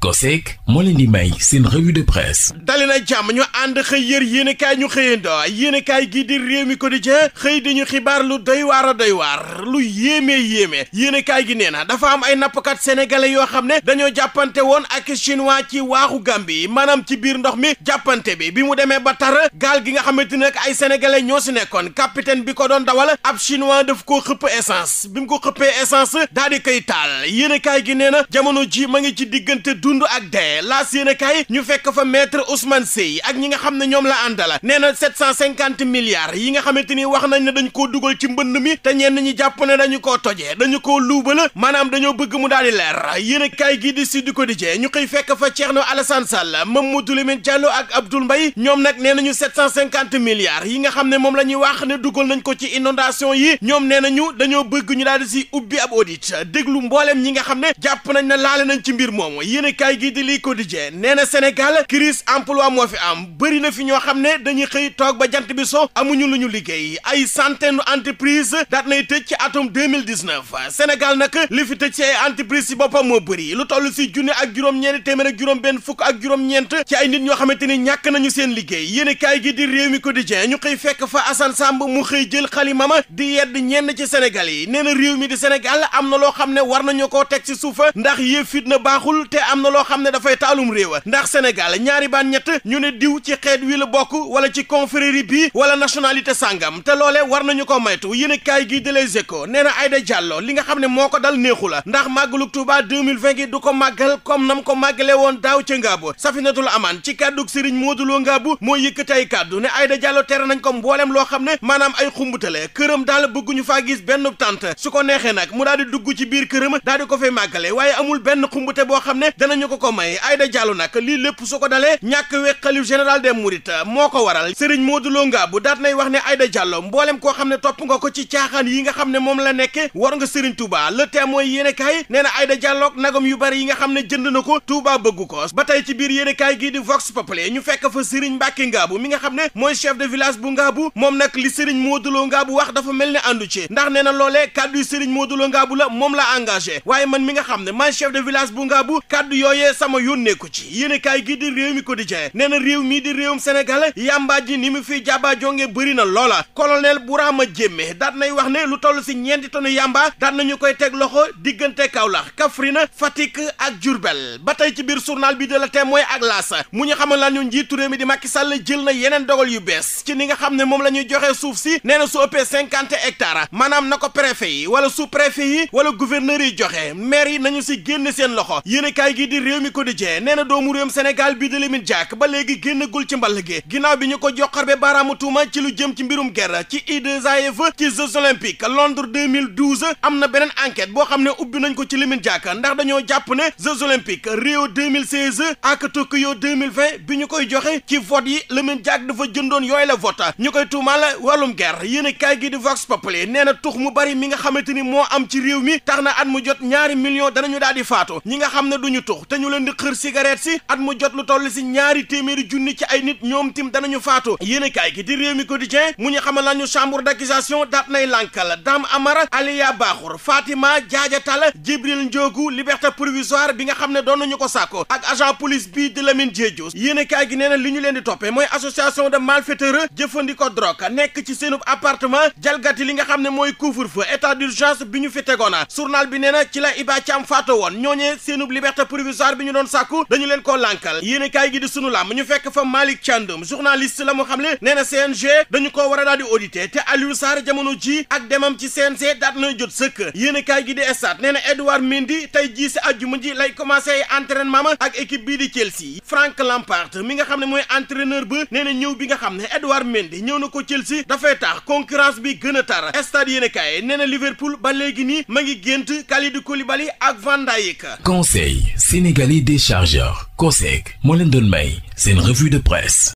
COSEC moo leen di may seen revue de presse dali na jàmm ñu ànd xëy yër yéenekaay ñu xëyando yéenekaay gi di réew mi quotidien xëy ñu xibaar lu doy waar a waar lu yéeme yéeme yéenekaay gi nee na dafa am ay nappkat sénégalais yoo xam ne dañoo jàppante woon ak chinois ci waaxu Gàmbi maanaam ci biir ndox mi jàppante bi bi mu demee ba tar gaal gi nga xamante ne ay sénégalais ñoo si nekkoon capitaine bi ko doon dawal ab chinois daf koo xëpp essence bi mu ko xëppee essence daal di koy taal gi nee na jamono ji ma ngi ci diggante dund ak dee laas yéen a kaay ñu fekk fa maître Ousmane Seye ak ñi nga xam ne ñoom la àndala nee na 750 yi nga xamante ni wax nañ ne dañ koo dugal ci mbënd mi te ñenn ñi jàpp ne dañu koo tojee dañu koo luubala maanaam dañoo bëgg mu daal di leer yéen a kaay gii di Sud Quotidien ñu xëy fekk fa Thierno Alassane Sall Mamadou Lamine Diallo ak Abdoul Mbaye ñoom nag nee nañu 750 yi nga xam ne moom la wax ne dugal nañ ko ci inondation yi ñoom nee nañu dañoo bëgg ñi nga xam ci mbir kaay gi di lii quotidien nee na Sénégal crise emploi moo fi am bëri na fi ñoo xam ne dañuy xëy toog ba jant bi so amuñu lu ñu liggéey ay centaine entreprise daat nay tëj ci atum 2019 Sénégal nag li fi tëj ci ay entreprise ci boppam moo bëri lu toll si junne ak juróom-ñeenti téeméer ak juróom benn fukk ak juróom-ñeent ci ay nit ñoo xamante ni ñàkk nañu seen liggéey yéen kaay gi di réew mi quotidien ñu xëy fekk fa Assane Samb mu xëy jël xalimam di yedd ñenn ci Sénégal yi nee na réew mi di Sénégal am na loo xam ne war nañu koo teg ci suufa ndax yëf fitna baaxul te am na loo xam ne dafay taalum réewa ndax Sénégal ñaari baan ñett ñu ne diw ci xeet wi la bokk wala ci confrérie bi wala nationalité sàngam te loole war nañu ko maytu yéen kaay gii de Les ko nee ay da Diallo li nga xam ne moo ko dal neexu la ndax màggalu Tuuba 2020 gi du ko màggal comme nam ko màggale woon daaw ca bo Safinatul Amaan ci kàddug Sëriñ Moodu Lo Ngaabu moo yëkkati ay kàddu ne Aïda Diallo tere nañ ko mboolem loo xam ne maanaam ay xumbutale këram daal bëgguñu faa benn tànt su ko neexee nag mu daal di dugg ci biir këram daal di ko fay màggale waaye amul benn xumbute boo xam ne danañ ñu ko ko may Aïda Diallo nag lii lépp su ko dalee ñàkk we xalif général des mourides moo ko waral Serigne Modou Lo Ngabou daat nay wax ne Aïda Diallo mboolem koo xam ne topp nga ko ci caaxaan yi nga xam ne moom la nekk war nga Serigne Touba le témoin yéene kaay nee na Aïda Diallo nagam yu bari yi nga xam ne jënd na ko Touba bëgg ko ba tey ci biir yéene kaay gii di Vox Populi ñu fekk fa Serigne Mbacke Ngabou mi nga xam ne mooy chef de village bu Ngabou moom nag li Serigne Modou Lo Ngabou wax dafa mel ne àndu ci ndax nee na loolee kàddu Serigne Modou Lo Ngabou la moom la engagé waaye man mi nga xam ne maay chef village bu Ngabou kàddu yooyee sama yónneeku ci yéenekaay gi di réew mi quotidien nee na réew mii di réewum Sénégal yàmbaaj ji ni mu fiy jàbbaa jonge bëri na loola colonel Bourama Jéeme daat nay wax ne lu toll si ñeenti tonu yàmba daat ñu koy teg loxo diggante Kaolack Kaffrine Fatick ak jurbel ba tey ci biir journal bi de la mooy ak L'As mu ñu xamal la ñu njiitu réew mi di Macky Sall jël na yeneen dogal yu bees ci ni nga xam ne moom la ñuy joxe suuf si nee na su ëppee maanaam na ko préfet yi wala sous préfet yi wala gouverneur yi joxe maire yi nañu si génn seen loxo di réew mi quotidien nee na doomu réewum Sénégal bii di Lamine Diack ba léegi génnagul ci mball gi ginnaaw bi ñu ko joxarbe baaraamu tuuma ci lu jëm ci mbirum guerre ci IAAF ci Jeux olympiques Londres 2012 am na beneen enquête boo xam ne ubbi nañ ko ci Lamine Diack ndax dañoo jàpp ne Jeux olympiques Rio 2016 ak Tokyo 2020 bi ñu koy joxe ci vote yi Lamine Diack dafa jëndoon yooyu la vote ñu koy tuumaal wàllum guerre yéen a kaay gi di Vox Populi nee na tux mu bari mi nga xamante ni moo am ci mi tax na at mu jot ñaari daal di faatu ñi nga xam ne duñu tux te ñu leen di xër cigarette si at mu jot lu toll si ñaari téeméeri junni ci ay nit ñoom tim danañu faatu yéene kaay gi di réew mi quotidien mu ñu xamal nañu chambre d'accusation daat nay lànkal Dame Amara Aliya Baaxur Fatima Jaaja Tall Jibril Njoogu liberté provisoire bi nga xam ne doon nañu ko sàkko ak agent police bii di Lamine Diédhiou yéene kaay gi nee na li ñu leen di toppee mooy association de malfaiteurs jëfandikoo drogue nekk ci seenub appartement jalgati li nga xam ne mooy couvre-feu état d'urgence bi ñu fi tegoona journal bi na ci la Iba Thiam faatu woon ñooñee seenub liberté provisoire Sarr bi ñu doon sàkku dañu leen ko lànkal yéen kaay gi di sunu làmb ñu fekk fa Malick Thiandoum journaliste la mu xam le nee na CNG dañu koo war a daal di audité te Aliou Sarr jamono ji ak demam ci CNG daat na jot sëkk yéen gi di Stades nee na Edouard Mendy tey jii si àjjuma ji lay commencé entraînement ma ak équipe bii di Chelsea Frank Lampard mi nga xam ne mooy entraîneur ba nee na ñëw bi nga xam ne Edouard Mendy ñëw na ko Chelsea dafay tax concurrence bi gën a tar Stades yéen kaay nee na Liverpool ba léegi nii ma ngi gént Kalidou Koulibaly ak Van Dijk conseil Sénégalais des chargeurs COSEC moo leen doon may seen revue de presse